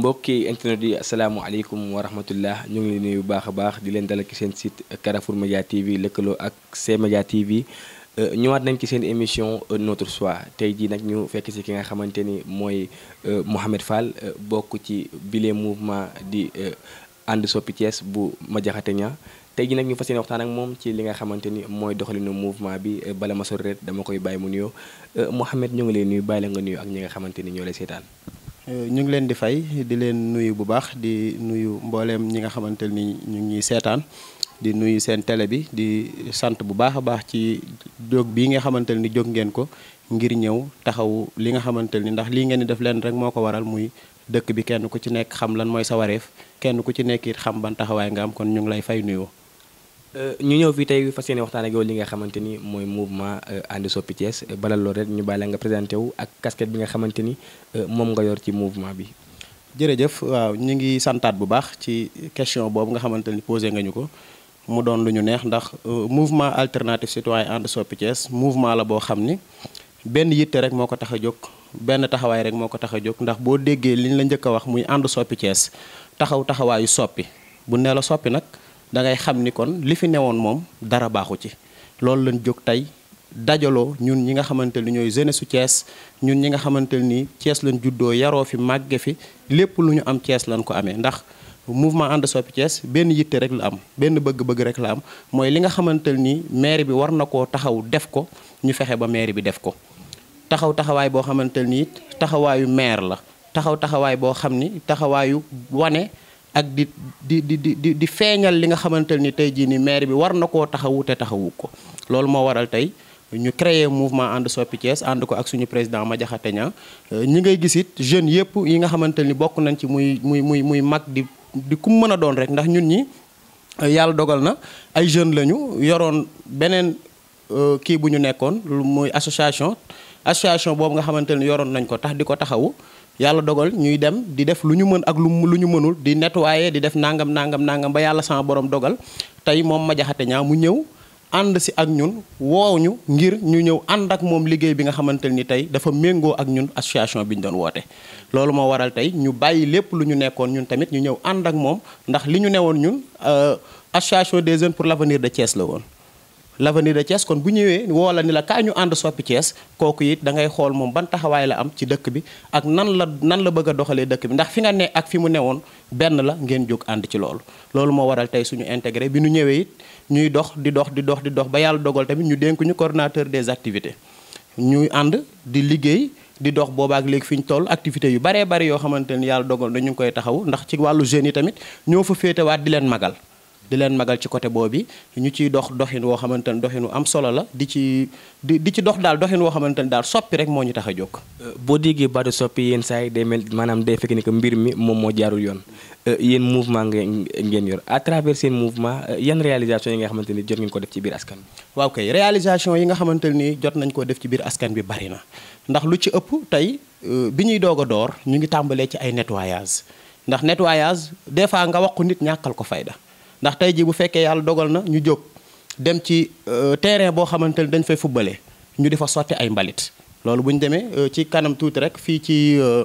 mbokki internet yi asalaamaaleykum wa rahmatullah ñoo ngi leen nuyu bu baax a baax di leen dalal ci seen site Carrefour Média TV lëkkaloo ak C-Média TV euh, ñëwaat nañ ci seen émission euh, notre choix tey jii nag ñu fekk si ki nga xamante ni mooy euh, Mouhamed Fall bokk ci bile mouvement di ànd soppi Thiès bu Madiakhate ña tey jii nag ñu fas yéene waxtaan ak moom ci li nga xamante ni mooy doxalinu mouvement bi bala ma sori dama koy bàyyi mu nuyoo Mouhamed ñoo ngi leen nuyu bàyyi la nga nuyu ak ñi nga xamante ni ñoo lay seetaan. Euh, ñu ngi leen di fay di leen nuyu bu baax di nuyu mbooleem ñi nga xamante ni ñu ngi seetaan di nuyu seen télé bi di sant bu baax a baax ci jóg bii nga xamante ni jóg ngeen ko ngir ñëw taxawu li nga xamante ni ndax lii ngeen di def leen rek moo ko waral muy dëkk bi kenn ku ci nekk xam lan mooy sawareef kenn ku ci nekk it xam ban taxawaay nga am kon ñu ngi lay fay nuyoo. Euh, ñu ñëw fii tey fas yéene waxtaan ak yow li nga xamante ni mooy mouvement And euh, Soppi Thiès euh, bala loolu rek ñu bàyyi nga présenté wu ak casquette bi nga xamante ni moom nga yor ci mouvement bi. jërëjëf waaw ñu ngi santaat bu baax ci question boobu nga xamante ni posé nga ñu ko mu doon lu ñu neex ndax mouvement alternative citoyen And Soppi Thiès mouvement la boo xam ni benn yitte rek moo ko tax a jóg benn taxawaay rek moo ko tax a jóg ndax boo déggee li ñu la njëkk a wax muy And Soppi taxaw taxawaayu soppi bu la soppi nag. dangay xam ni kon li fi newoon moom dara baaxu ci loolu lañ jóg tey dajaloo ñun ñi nga xamante ni ñooy jeunesse su Thiès ñun ñi nga xamante ni cees lañ juddoo yaroo fi màgge fi lépp lu ñu am cees lañ ko amee ndax mouvement end soppi Thiès benn yitte rek la am benn bëgg-bëgg rek la am mooy li nga xamante ni maire bi war na koo taxaw def ko ñu fexe ba maire bi def ko taxaw taxawaay boo xamante ni taxawaayu maire la taxaw taxawaay boo xam ni taxawaayu wane ak di di di di di feeñal li nga xamante ni tey jii ni maire bi war na koo taxawu te taxawu ko loolu moo waral tey ñu créer mouvement ànd soppi Thiès ànd ko ak suñu président ma jaxate ña ñi ngay gis it jeunes yëpp yi nga xamante ni bokk nañ ci muy muy muy muy mag di di kum mën a doon rek ndax ñun ñi euh, yàlla dogal na ay jeunes lañu yoroon beneen euh, kii bu ñu nekkoon muy association association boobu nga xamante ni yoroon nañ ko tax di ko taxawu yàlla dogal ñuy dem di def lu ñu mën ak lu lu ñu mënul di nettoyer di def nangam nangam nangam ba yàlla sama borom dogal tey moom ma ñaa mu ñëw ànd si ak ñun wooñu ngir ñu ñëw ànd ak moom liggéey bi nga xamante ni tey dafa méngoo ak ñun association bi ñu doon woote loolu moo waral tey ñu bàyyi lépp lu ñu nekkoon ñun tamit ñu ñëw ànd ak moom ndax li ñu ne newoon ñun euh, association des jeunes pour l'avenir de Thiès la woon l'avenir de Thiès kon bu ñëwee woo la ni la kaay ñu ànd soppi Thiès kooku it dangay xool moom ban taxawaay la am ci dëkk bi ak nan la nan la bëgg a doxalee dëkk bi ndax fi nga ne ak fi mu woon benn la ngeen jóg ànd ci loolu loolu moo waral tey suñu intégré bi ñu ñëwee it ñuy dox di dox di dox di dox ba yàlla dogal tamit ñu dénk ñu coordonnateur des activités ñuy ànd di liggéey di dox boobaak léegi fi ñu toll activités yu baree bari yoo xamante ni yàlla dogal na koy taxaw ndax ci wàllu jeunes yi tamit ñoo fa féetewaat leen magal di leen magal ci côté boobu ñu ciy dox doxin woo xamante ne doxinu am solo la di ci di di ci dox daal doxin woo xamante ne daal soppi rek moo ñu tax a jóg. Euh, boo déggee baatu soppi yéen saa yi day mel maanaam day fekk ni que mbir mi moom moo jaarul yoon euh, yéen mouvement ngeen yor à travers seen mouvement euh, yan réalisation yi nga xamante ni jot ngeen ko def ci biir askan bi. waaw réalisation yi nga xamante ni jot nañ ko def ci biir askan bi bari na ndax lu ci ëpp tey bi ñuy doog a door ñu ngi tàmbalee ci ay nettoyage ndax nettoyage des fois nga wax ko nit ñàkkal ko fayda. ndax tey jii bu fekkee yàlla dogal na ñu jóg dem ci euh, terrain boo xamante ni dañ fay fubbale ñu di fa sotti ay mbalit loolu bu ñu demee euh, ci kanam tuuti rek fii ci euh,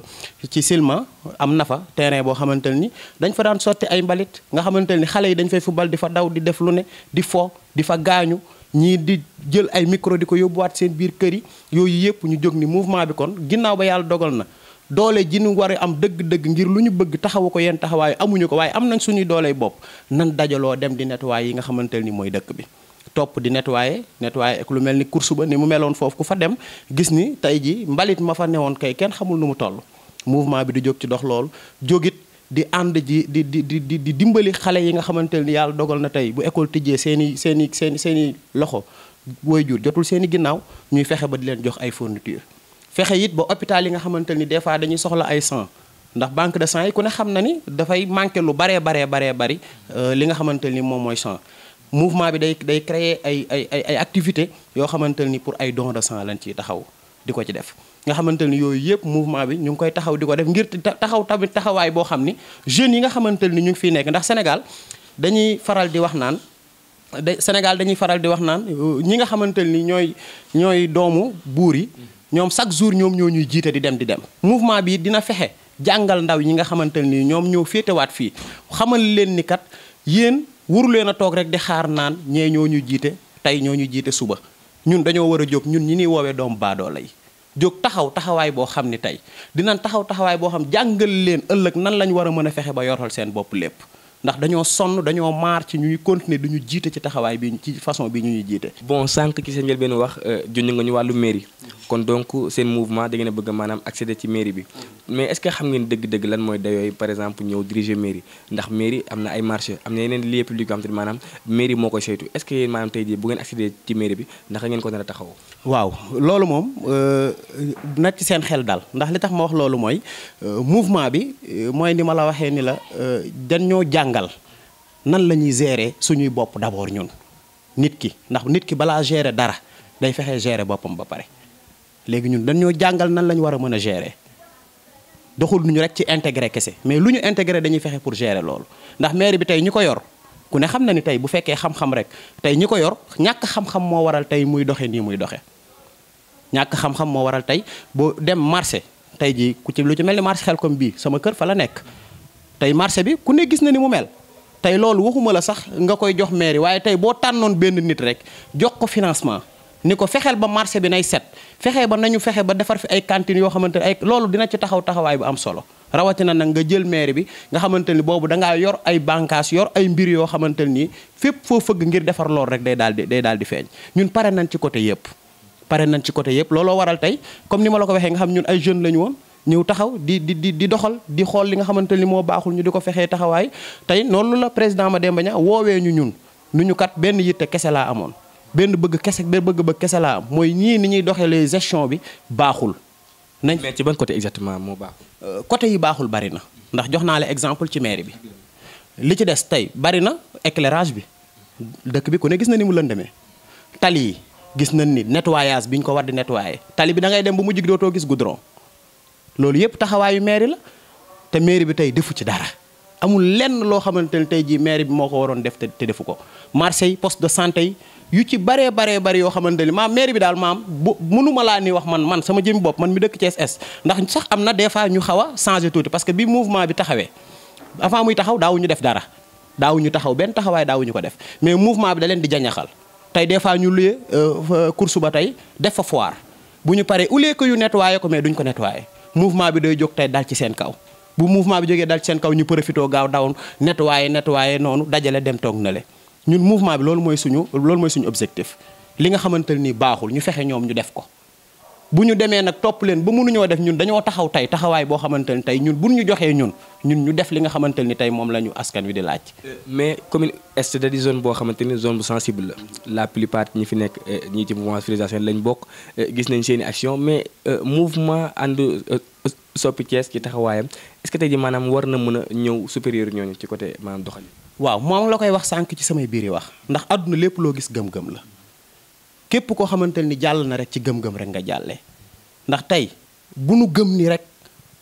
ci Silma am na fa terrain boo xamante ni dañ fa daan sotti ay mbalit nga xamante ni xale yi dañ fay football di fa daw di def lu ne di fo di fa gaañu ñii di jël ay micro di ko yóbbuwaat seen biir kër yi yooyu yëpp ñu jóg ni mouvement bi kon ginnaaw ba yàlla dogal na doole ji nu war am dëgg-dëgg ngir lu ñu bëgg taxawu ko yenn taxawaay amuñu ko waaye am nañ suñuy dooley bopp nan dajaloo dem di nettoyer yi nga xamante ni mooy dëkk bi. topp di nettoyer nettoyer ak lu mel ni course ba ni mu meloon foofu ku fa dem gis ni tey ji mbalit ma fa newoon kay kenn xamul nu mu toll mouvement bi di jóg ci dox loolu jógit di ànd ji di di di di dimbali xale yi nga xamante ni yàlla dogal na tey bu école tijjee seen seeni seeni i seen i seen i loxo jotul seen i ginnaaw ñuy fexe ba di leen jox ay forniture fexe it ba hôpital yi nga xamante ni des fois dañuy soxla ay sang ndax banque de sang yi ku ne xam na ni dafay manqué lu baree bare baree bari euh, li nga xamante ni moom mooy sang mouvement bi day day créer ay ay ay ay activités yoo xamante ni pour ay don de sang lañ ciy taxaw di ko ci def. nga xamante ni yooyu yëpp mouvement bi ñu ngi koy taxaw di ko def ngir taxaw tamit taxawaay boo xam ni jeune yi nga xamante ni ñu ngi fiy nekk ndax Sénégal dañuy faral di wax naan. Sénégal dañuy faral di wax naan euh, ñi nga xamante ni ñooy ñooy doomu buur yi ñoom chaque jour ñoom ñoo ñuy jiite di dem di dem mouvement bi dina fexe jàngal ndaw ñi nga xamante ne nii ñoom ñoo féetewaat fii xamal leen ni kat yéen waru leen a toog rek di xaar naan ñee ñoo ñu jiite tey ñoo ñu jiite suba ñun dañoo war a jóg ñun ñi ñuy woowee doomu baadoola yi jóg taxaw taxawaay boo xam ni tey dinañ taxaw taxawaay boo xam jàngal leen ëllëg nan lañ war a mën a fexe ba yoral seen bopp lépp ndax dañoo sonn dañoo maar ci ñuy du ñu jiite ci taxawaay bi ci façon bi ñu ñuy jiite. bon sànq ci seen njëlbeen wax euh, junj nga ñu wàllu mairie kon donc seen mouvement da ngeen a bëgg maanaam accéder ci mairie bi mais est-ce xam ngeen dëgg-dëgg lan mooy dayooy par exemple ñëw diriger mairie ndax mairie am na ay marché am na yeneen lieu public yoo xam te maanaam mairie moo koy saytu est-ce maanaam tey bu ngeen accéder ci mairie bi ndax ngeen ko nar a taxawoo waaw loolu moom euh, na ci seen xel daal ndax li tax ma wax loolu mooy euh, mouvement bi euh, mooy ni ma la waxee ni la ñoo jàngal nan la ñuy gérer suñuy bopp d'abord ñun nit ki ndax nit ki balaa gérer dara day fexe gere boppam ba pare léegi ñun dañ ñoo jàngal nan la ñu war a mën a gérer doxul ñu rek ci intégré kese mais lu ñu intégré dañuy fexe pour gérer loolu ndax maire bi tey ñi ko yor ku ne xam na ni tey bu fekkee xam-xam rek tey ñi ko yor ñàkk xam-xam moo waral tey muy doxe nii muy doxe ñak xam-xam mo waral tay bo dem marché tay ji ku ci lu ci melni falanek, marché Xelcom bi sama kër fa la nek tay marché bi ku ne gis na ni mu mel tay lool waxuma la sax nga koy jox non waye tay bo tannon benn nit rek jox ko financement niko fexel ba marché bi nay set fexé ba nañu fexé ba defar fi ay cantine yo xamanteni ay loolu dina ci taxaw taxaway bu am solo rawatina nag nga jël maire bi nga xamanteni bobu da nga yor ay bankas yor ay mbir yo xamanteni nii fo feug ngir defar lool rek day daldi day daldi feñ ñun paré nañ ci côté yépp pare nañ ci côté yëpp looloo waral tey comme ni ma la ko waxee nga xam ñun ay jeunes la ñu woon ñëw taxaw di di di di doxal di xool li nga xamante ni moo baaxul ñu di ko fexee taxawaay tey noonu la président ma Mademba Niang woowee ñu ñun nu ñu kat benn yitte kese laa amoon benn bëgg kese benn bëgg-bëgg kese laa am mooy ñii ni ñuy doxalee gestion bi baaxul. nañ mais ci ban côté exactement moo baaxul. Euh, côté yi baaxul bari na ndax jox naa la exemple ci mairie bi li ci des tey bari na éclairage bi dëkk bi ku ne gis na ni mu lëndëmee tali yi. gis nañ ni nettoyage bi ñu ko war di nettoyer tali bi dangay ngay dem bu mujj dootoo gis goudron loolu yëpp taxawaayu mairie la te mairie bi tey defu ci dara amul lenn loo xamante ne tey jii mairie bi moo ko waroon def te defu ko marché yi poste de santé yi yu ci baree baree bari yoo xamante ni maam mairie bi daal maam bu mënuma laa ni wax man man sama jëmi bopp man mi dëkk ci SS ndax sax am na des fois ñu xaw a changé tuuti parce que bi mouvement bi taxawee avant muy taxaw daawuñu def dara daawuñu taxaw benn taxawaay daawuñu ko def mais mouvement bi da di jañaxal tey des fois ñu luye euh, course ba tey def fa foire bu ñu paree au lieu que yu nettoyé ko mais duñ ko nettoyé mouvement bi day jóg tey dal ci seen kaw. bu mouvement bi jógee dal ci seen kaw ñu profitoo gaaw dawoon nettoyé nettoyé noonu dajale dem toog na le ñun mouvement bi loolu mooy suñu loolu mooy suñu objectif li nga xamante ni baaxul ñu fexe ñoom ñu def ko. bu ñu demee nag topp leen ba mënuñoo def ñun dañoo taxaw tey taxawaay boo xamante ni tey ñun bu ñu joxee ñun ñun ñu def li nga xamante ni tey moom la ñu askan wi di laaj. Euh, mais commune est da di zone boo xamante ni zone bu sensible la la plupart ñi fi nekk euh, ñii ci mouvement civilisation lañ bokk euh, gis nañ seeni action mais mouvement ànd soppi Thiès ci taxawaayam est que tey ji maanaam war na mën a ñëw supérieur ñooñu ci côté maanaam doxali waaw moom la koy wax sànq ci samay biir yi wax ndax àdduna lépp loo gis gëm-gëm la. képp koo xamante ni jàll na rek ci gëm-gëm rek nga jàllee ndax tey bu nu gëm nii rek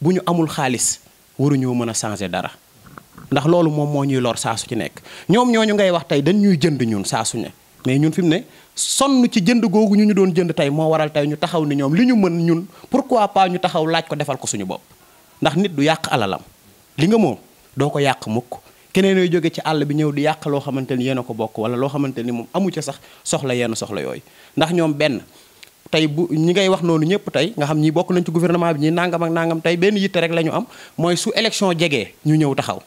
bu ñu amul xaalis waruñoo mën a changer dara ndax loolu moom moo ñuy lor saa su ci nekk ñoom ñoo ñu ngay wax tey dañ ñuy jënd ñun saa su ne mais ñun fi mu ne sonn ci jënd googu ñu ñu doon jënd tey moo waral tey ñu taxaw ni ñoom li ñu mën ñun pourquoi par ñu taxaw laaj ko defal ko suñu bopp ndax nit du yàq alalam li nga moom doo ko yàq mukk keneen yooyu jóge ci àll bi ñëw di yàq loo xamante ni yéen ko bokk wala loo xamante ni moom amu ca sax soxla yenn soxla yooyu ndax ñoom benn tey bu ñi ngay wax noonu ñëpp tey nga xam ñi bokk nañ ci gouvernement bi ñi nangam ak nangam tey benn yitte rek la ñu am mooy su élection jegee ñu ñëw taxaw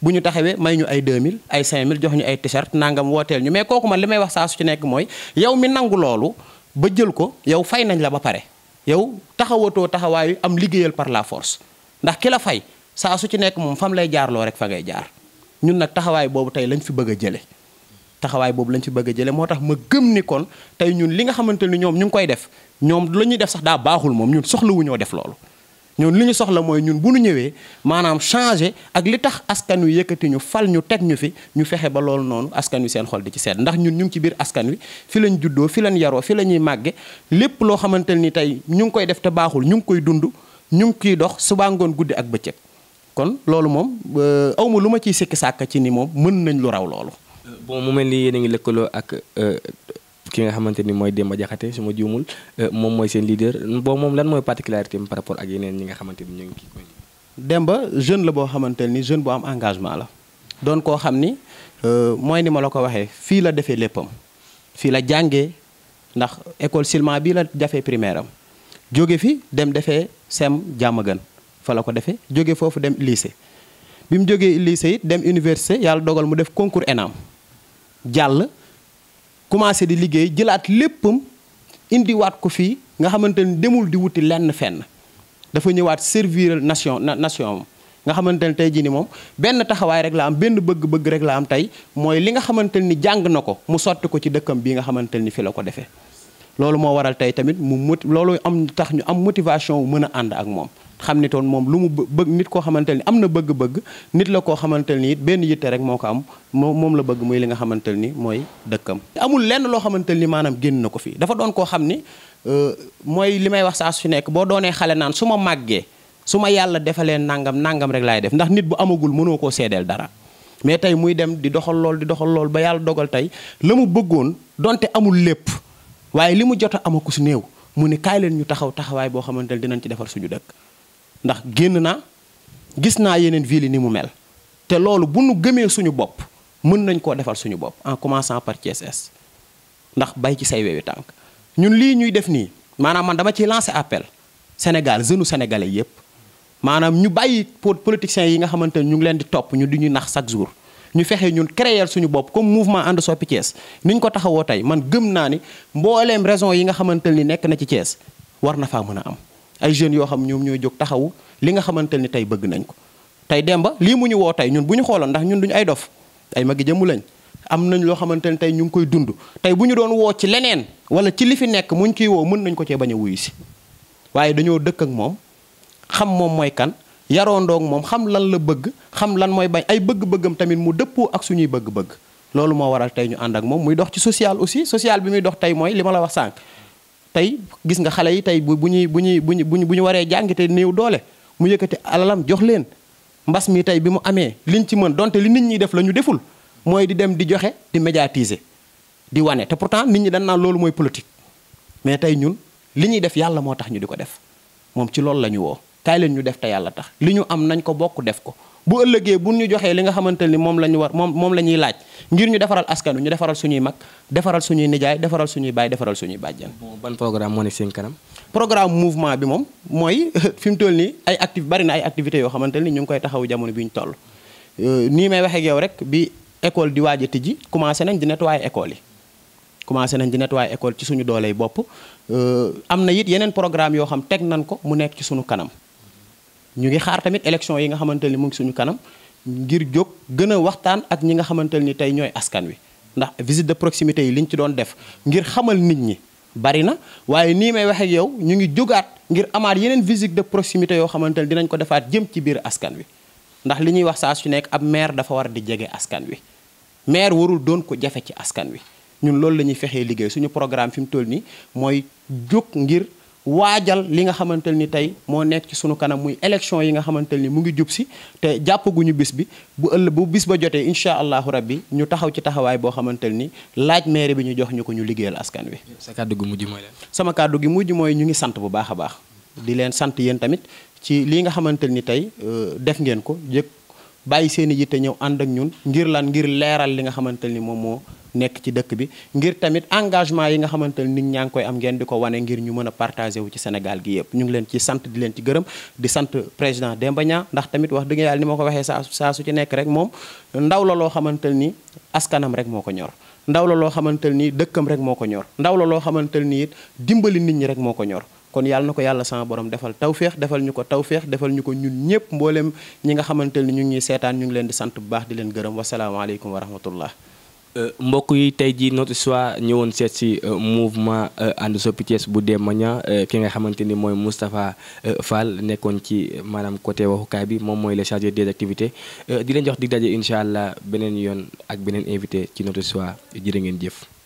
bu ñu taxawee may ñu ay 2000 ay 5000 jox ñu ay t-shirt nangam wooteel ñu mais kooku li may wax saa su nekk mooy yow mi nangu loolu ba jël ko yow fay nañ la ba pare yow taxawatoo taxawaayu am liggéeyal par la force ndax ki la fay saa su ci nekk moom fam lay jaarloo rek fa ngay jaar ñun nag taxawaay boobu tey lañ fi bëgg a jële taxawaay boobu lañ fi bëgg a jële moo tax ma gëm ni kon tey ñun li nga xamante ni ñoom ñu ngi koy def ñoom la ñuy def sax daa baaxul moom ñun soxlawuñoo def loolu ñun li ñu soxla mooy ñun bu ñu ñëwee maanaam changé ak li tax askan wi yëkkati ñu fal ñu teg ñu fi ñu fexe ba loolu noonu askan wi seen xol di ci seet ndax ñun ñu ci biir askan wi fi lañ juddoo fi lañ yaroo fi lañuy ñuy màgge lépp loo xamante ni tey ñu ngi koy def te baaxul ñu ngi koy dund ñu ngi dox suba ngoon guddi ak bëccëg kon loolu moom euh, awma lu ma ciy sikki sàkk ci ni moom mën nañ lu raw loolu. Euh, bon mu mel ni yéen a ngi lëkkaloo ak euh, ki nga xamante ni mooy Demba Jaxate su ma juumul moom mooy seen leader boo moom lan mooy particularité par rapport ak yeneen ñi nga xamante ni ñu ngi kii. Demba jeune la boo xamante ni jeune boo am engagement la doon koo xam ni mooy ni ma la ko waxee fii la defee léppam fii la jàngee ndax école Silema bii la jafee primaire am jóge fi dem defee sem jàmm gën fa la ko defee jóge foofu dem lycée bi mu jógee lycée it dem université yàlla dogal mu def concours ENAM jàll commencé di liggéey jëlaat léppam indiwaat ko fii nga xamante ni demul di wuti lenn fenn dafa ñëwaat servir nation nation nga xamante ne tey jii ni moom benn taxawaay rek la am benn bëgg-bëgg rek la am tey mooy li nga xamante ni jàng na ko mu sotti ko ci dëkkam bii nga xamante ni fi la ko defee loolu moo waral tey tamit mu mot loolu am tax ñu am motivation wu mën a ànd ak moom xam ni toon moom lu mu bëgg nit koo xamante ni am na bëgg-bëgg nit la koo xamante ni benn yitte rek moo ko am moo moom la bëgg muy li nga xamante ni mooy dëkkam. amul lenn loo xamante ni maanaam génn na ko fii dafa doon koo xam ni euh, mooy li may wax saa su nekk boo doonee xale naan su ma màggee su ma yàlla defalee nangam nangam rek laay def ndax nit bu amagul mënoo koo seedeel dara. mais tey muy dem di doxal lool di doxal lool ba yàlla dogal tey la mu bëggoon donte amul lépp waaye li mu jot a amaku si néew mu ne kaay leen ñu taxaw taxawaay boo xamante ni dinañ ci defar suñu dëkk. ndax génn naa gis naa yeneen ville ni mu mel te loolu bu nu gëmee suñu bopp mën nañ koo defal suñu bopp en commençant par Thiès ndax bay ci say wewi tànk ñun lii ñuy def nii maanaam man dama ciy lancer appel Sénégal jeune sénégalais yépp maanaam ñu bàyyi politiciens yi nga xamante ne ñu ngi leen di topp ñu di ñu nax chaque jour ñu fexe ñun créer suñu bopp comme mouvement ànd soppi Thiès ni ko taxawoo tey man gëm naa ni mbooleem raison yi nga xamante ni nekk na ci Thiès war na faa mën a am. ay jeunes yoo xam ñoom ñooy jóg taxawu li nga xamante ni tey bëgg nañ ko tey demba lii mu ñu woo tey ñun bu ñu xooloon ndax ñun duñu ay dof ay magi jëmu lañ am nañ loo xamante ni tey ñu ngi koy dund tey bu ñu doon woo ci leneen wala ci li fi nekk muñ ciy woo mën nañ ko cee bañ a wuyu si waaye dañoo dëkk ak moom xam moom mooy kan yaroondoog moom xam lan la bëgg xam lan mooy bañ ay bëgg-bëggam tamit mu dëppoo ak suñuy bëgg-bëgg loolu moo waral te ñu ànd ak moom muy dox ci social aussi social bi muy dox tey mooy li ma la wax sànq tey gis nga xale yi tey bu bu ñuy bu ñuy bu ñu bu ñu waree jàng te néew doole mu yëkkati alalam jox leen mbas mi tey bi mu amee li liñ ci mën donte li nit ñi def la ñu deful mooy di dem di joxe di médiatiser di wane te pourtant nit ñi dañ naan loolu mooy politique mais tey ñun li ñuy def yàlla moo tax ñu di ko def moom ci loolu la ñu woo kaay leen ñu def te yàlla tax li ñu am nañ ko bokk def ko bu ëllëgee bu ñu joxee li nga xamante ni moom la ñu war moom moom la ñuy laaj ngir ñu defaral askanu ñu defaral suñuy mag defaral suñuy nijaay defaral suñuy baay defaral suñuy bàjjan. ban programme moo ne seen kanam. programme mouvement bi moom mooy fi mu toll nii ay actif bari na ay activités yoo xamante ni ñu ngi koy taxaw jamono bi ñu toll. Euh, nii may waxee ak rek bi école di waaj a tijji commencé nañ di nettoyer école yi. commencé nañ di nettoyer école ci suñu dooley bopp euh, am na it yeneen programme yoo xam teg nañ ko mu nekk ci suñu kanam. ñu ngi xaar tamit élection yi nga xamante ni mu ngi suñu kanam. ngir jóg gën a waxtaan ak ñi nga xamante ni tey ñooy askan wi ndax visite de proximité yi liñ ci doon def ngir xamal nit ñi bari na waaye nii may waxee yow ñu ngi jógaat ngir amaat yeneen visite de proximité yoo xamante ni dinañ ko defaat jëm ci biir askan wi ndax li ñuy wax saa su nekk ab maire dafa war di jege askan wi maire warul doon ko jafe ci askan wi ñun loolu la ñuy fexee liggéey suñu programme fi mu toll nii mooy jóg ngir waajal li nga xamante ni tey moo nekk ci sunu kanam muy élection yi nga xamante ni mu ngi jub si te jàppaguñu bis bi bu ëllëg bu bis ba jotee incha allahu rabbi ñu taxaw ci taxawaay boo xamante ni laaj maire bi ñu jox ñu ko ñu liggéeyal askan wi. sa kàddu gi mujj mooy sama kàddu gi mujj mooy ñu ngi sant bu baax a baax. di leen sant yéen tamit ci li nga xamante ni tey euh, def ngeen ko jëkk bàyyi seen i te ñëw ànd ak ñun ngir lan ngir leeral li nga xamante ni moom moo. Nek ci dëkk bi ngir tamit engagement yi nga xamante nit ñang koy am ngeen diko wané ngir ñu mëna partager wu ci Sénégal gi yépp ñu ngi leen ci sante di leen ci gërëm di sante président Demba Niang ndax tamit wax dëgg yaal ni ma waxé sa sa su ci nek rek moom ndaw la lo xamante ni askanam rek moko ñor ndaw la lo xamante ni dëkkam rek moko ñor ndaw la lo xamante ni it dimbali nit ñi rek moko ñor kon yalla nako yalla sama borom defal tawfiq defal ñuko tawfiq defal ñuko ñun ñepp mbollem ñi nga xamanteni ñu ngi sétane ñu ngi leen di sante bu baax di leen gërëm alaykum wa rahmatullah Euh, Mbokuy yi notre Soir ñewon seet si euh, mouvement euh, And Sopi Thiès bu Demba Niang ki nga xamanteni moy Mustapha Fall nekkon ci manam côté waxukaay bi mom moy le chargé des activités di leen jox dig dajé inshallah benen yoon ak benen invité ci notre Soir jërë ngeen jëf.